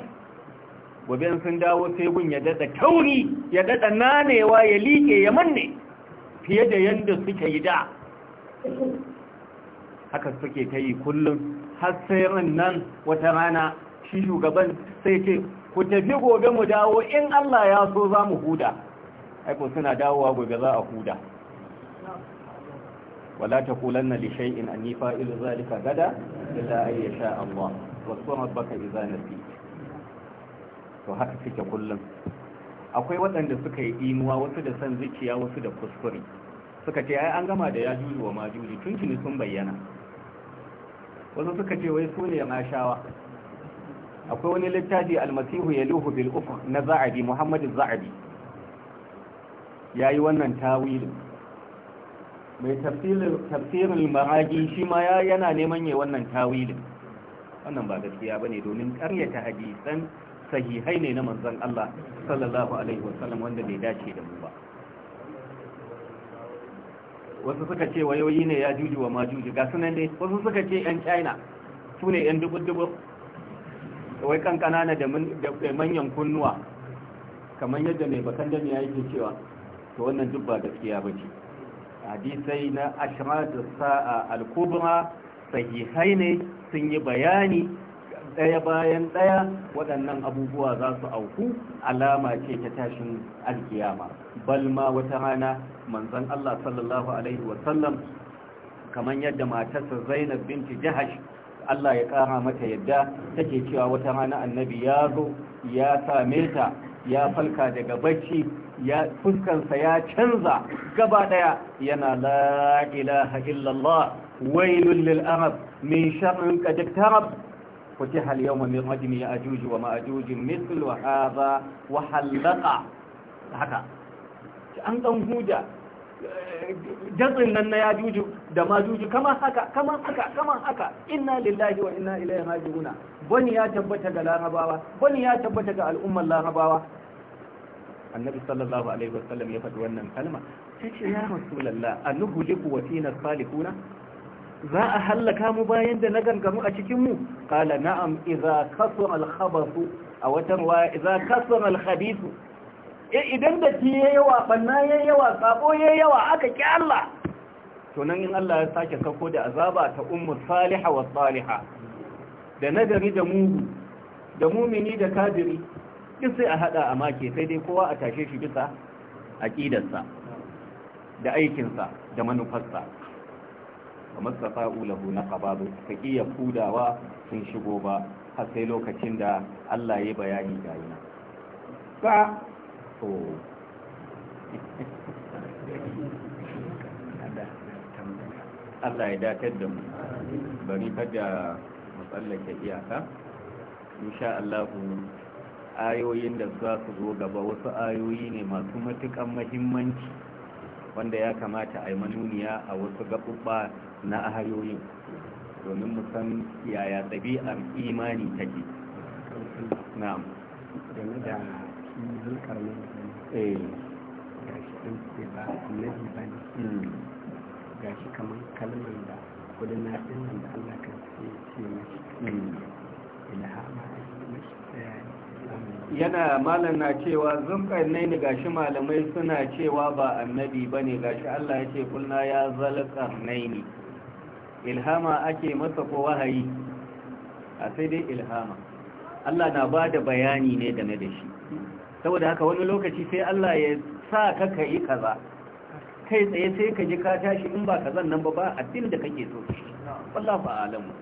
gobe sun dawo sai gun ya daɗa tauri ya daɗa nanewa ya liƙe ya manne fiye da yadda suke yi da haka suke ta yi kullum har sai ran nan wata rana shi shugaban sai ce ku tafi gobe mu dawo in Allah ya so za mu huda aiko suna dawowa gobe za a huda wala ta na lishai in an yi fa’il zalika gada illa ay su Allah wasu yi idza fi to haka suke kullum akwai waɗanda suka yi inuwa wasu da san zuciya wasu da kuskure suka ce ai an gama da ya juli wa ma juli tun tuni sun bayyana wasu suka ce wai su ne mashawa akwai wani littafi almasihu ya luhu bil ufuq na za'abi muhammadu za'abi ya yi wannan tawilin mai tafsirin ma'aji shi ma ya yana neman ya wannan tawilin wannan ba gaskiya bane domin karyata hadisan sahihai ne na manzon Allah sallallahu alaihi wasallam wanda bai dace da mu ba wasu suka ce wayoyi ne ya juju wa majuji ga sunan dai wasu suka ce yan china su ne yan dubu dubu kawai kan kanana da manyan kunnuwa kamar yadda mai bakan da ya yake cewa to wannan duk ba gaskiya ba ce hadisai na ashira da sa'a al-kubra sahihai ne sun yi bayani ɗaya bayan ɗaya waɗannan abubuwa za su auku alama ce ta tashin alkiyama bal ma wata rana manzon Allah sallallahu alaihi wasallam kamar yadda matarsa Zainab binti Jahash Allah ya kara mata yadda take cewa wata rana annabi ya zo ya same ta ya falka daga bacci ya fuskansa ya canza gaba daya yana la ilaha illallah wailul lil arab min sharrin qad iktarab فتح اليوم من رجم يأجوج ومأجوج مثل هذا وحلق haka an ɗan huja jatsin nan na yajuju da ma majuju kama haka kama haka kama haka inna lillahi wa inna ilaihi raji'una bani ya tabbata ga larabawa bani ya tabbata ga al'ummar larabawa annabi sallallahu alaihi sallam ya faɗi wannan kalma sai ce ya rasulullah anuhuliku wa fina salihuna za a halaka mu bayan da na gangamu a cikin mu qala na'am idza kasu al A watan tarwa idza kasu al-khabithu Eh, idan da ti ya yawa banna ya yawa sabo ya yawa aka ki Allah to in Allah ya sake sako da azaba ta ummu saliha wa saliha da nagari da mugu da mumini da kafiri duk sai a haɗa a make sai dai kowa a tashe shi bisa aqidarsa da aikinsa da manufarsa wa masafa ulahu na qababu ka iya kudawa sun shigo ba har sai lokacin da Allah ya bayani ga yana to Allah ya datar da mu bari kada mu tsallake iyaka insha Allah ayoyin da za su zo gaba wasu ayoyi ne masu matukan mahimmanci wanda ya kamata a yi manuniya a wasu gaɓuɓɓa na ayoyin domin mu san yaya dabi'ar imani take na'am da yana malam na cewa zumkar ne ne gashi malamai suna cewa ba annabi ba ne gashi Allah ya ce kulna ya zalkar ne ilhama ake masa ko wahayi a sai dai ilhama Allah na ba da bayani ne game da shi saboda haka wani lokaci sai Allah ya sa ka kai kaza kai tsaye sai ka ji ka tashi in ba kazan nan ba ba addinin da kake so wallahi alamu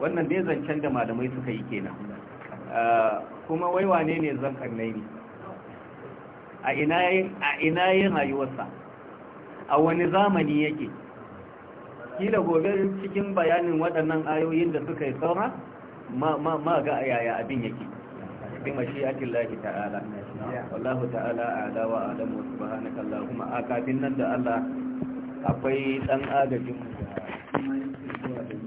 wannan dai zancen da malamai suka yi kenan ah, kuma wai wane ne zan karnai ni? a ina yin rayuwarsa a wani zamani yake kila gobe cikin bayanin waɗannan ayoyin da suka yi saura ma ga yaya abin yake Faɗa mafi lahi ta'ala ala, ta'ala ala a alawa Adamu su bani da kafin nan da Allah akwai ɗan agajin wuta.